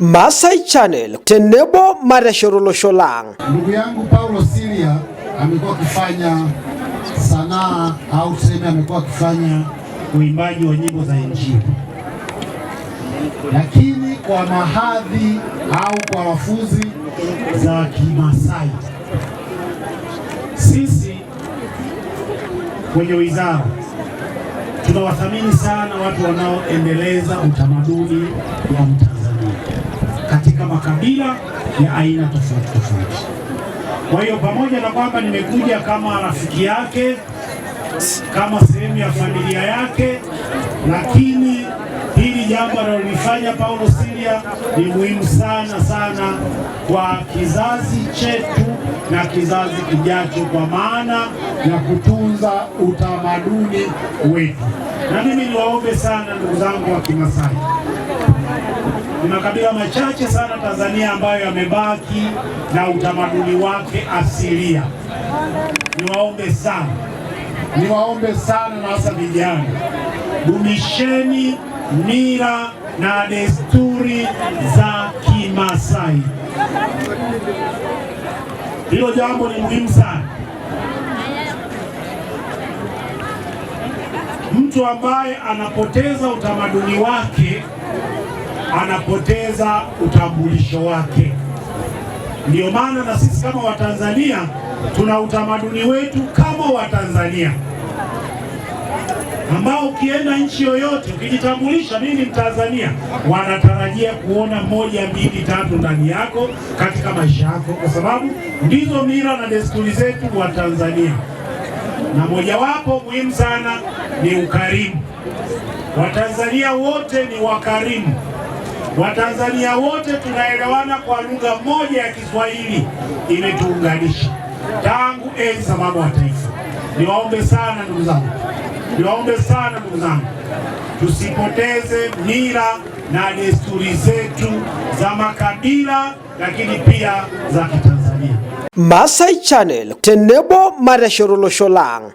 Masai Channel, Tenebo lang Ndugu yangu Paulo Silia amekuwa akifanya sanaa au tuseme amekuwa akifanya uimbaji wa nyimbo za Injili, lakini kwa mahadhi au kwa lafuzi za Kimasai. Sisi kwenye wizara tunawathamini sana watu wanaoendeleza utamaduni wa mtaa makabila ya aina tofauti tofauti. Kwa hiyo pamoja na kwamba nimekuja kama rafiki yake, kama sehemu ya familia yake, lakini hili jambo analolifanya Paulo silia ni muhimu sana sana kwa kizazi chetu na kizazi kijacho, kwa maana ya kutunza utamaduni wetu. Na mimi niwaombe sana ndugu zangu wa Kimasai ni makabila machache sana Tanzania ambayo yamebaki na utamaduni wake asilia. Niwaombe sana, niwaombe sana, na hasa vijana, dumisheni mila na desturi za Kimasai. Hilo jambo ni muhimu sana. Mtu ambaye anapoteza utamaduni wake anapoteza utambulisho wake. ndio maana na sisi kama Watanzania tuna utamaduni wetu kama Watanzania ambao ukienda nchi yoyote ukijitambulisha, mimi ni Mtanzania, wanatarajia kuona moja mbili tatu ndani yako katika maisha yako, kwa sababu ndizo mila na desturi zetu wa Tanzania, na mojawapo muhimu sana ni ukarimu. Watanzania wote ni wakarimu. Watanzania wote tunaelewana kwa lugha moja ya Kiswahili, imetuunganisha tangu enzi za baba wa taifa. Niwaombe sana ndugu zangu, niwaombe sana ndugu zangu, tusipoteze mila na desturi zetu za makabila, lakini pia za Kitanzania. Masai Channel tenebo mareshorolosholang